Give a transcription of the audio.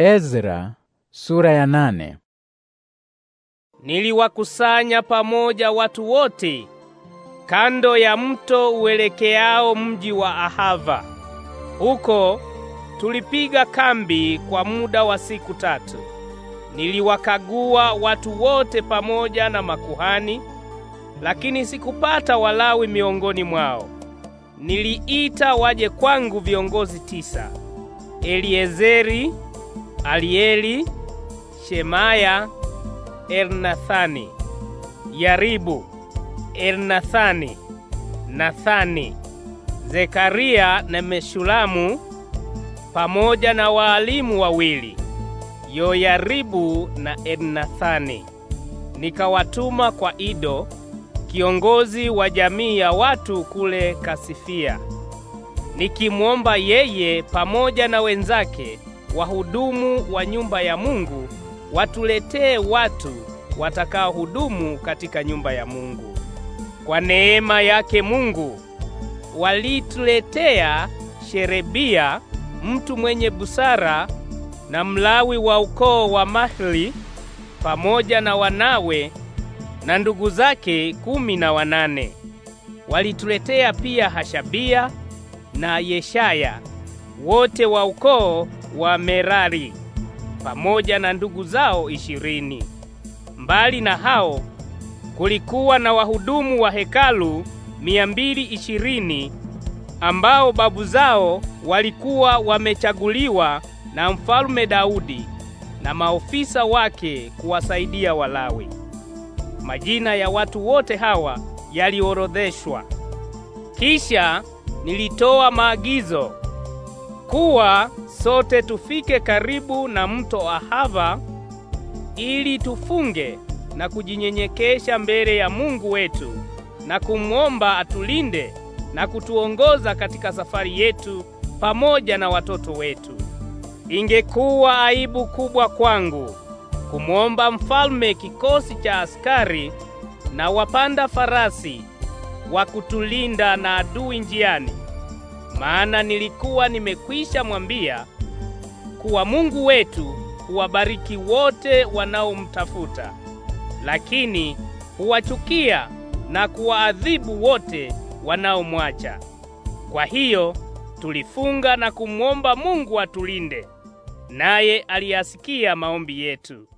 Ezra sura ya nane. Niliwakusanya pamoja watu wote kando ya mto uelekeao mji wa Ahava. Huko tulipiga kambi kwa muda wa siku tatu. Niliwakagua watu wote pamoja na makuhani, lakini sikupata Walawi miongoni mwao. Niliita waje kwangu viongozi tisa: Eliezeri Alieli, Shemaya, Elnathani, Yaribu, Elnathani, Nathani, Zekaria na Meshulamu pamoja na waalimu wawili Yoyaribu na Elnathani. Nikawatuma kwa Ido kiongozi wa jamii ya watu kule Kasifia, nikimwomba yeye pamoja na wenzake wahudumu wa nyumba ya Mungu watuletee watu hudumu katika nyumba ya Mungu. Kwa neema yake Mungu walituletea Sherebia, mtu mwenye busara na Mlawi wa ukoo wa Mahli, pamoja na wanawe na ndugu zake kumi na wanane. Walituletea pia Hashabia na Yeshaya, wote wa ukoo wa Merari pamoja na ndugu zao ishirini. Mbali na hao kulikuwa na wahudumu wa hekalu mia mbili ishirini ambao babu zao walikuwa wamechaguliwa na mfalme Daudi na maofisa wake kuwasaidia Walawi. Majina ya watu wote hawa yaliorodheshwa. Kisha nilitoa maagizo kuwa sote tufike karibu na mto Ahava ili tufunge na kujinyenyekesha mbele ya Mungu wetu na kumwomba atulinde na kutuongoza katika safari yetu pamoja na watoto wetu. Ingekuwa aibu kubwa kwangu kumwomba mfalme kikosi cha askari na wapanda farasi wa kutulinda na adui njiani maana nilikuwa nimekwisha mwambia kuwa Mungu wetu huwabariki wote wanaomtafuta, lakini huwachukia na kuwaadhibu wote wanaomwacha. Kwa hiyo tulifunga na kumwomba Mungu atulinde, naye aliyasikia maombi yetu.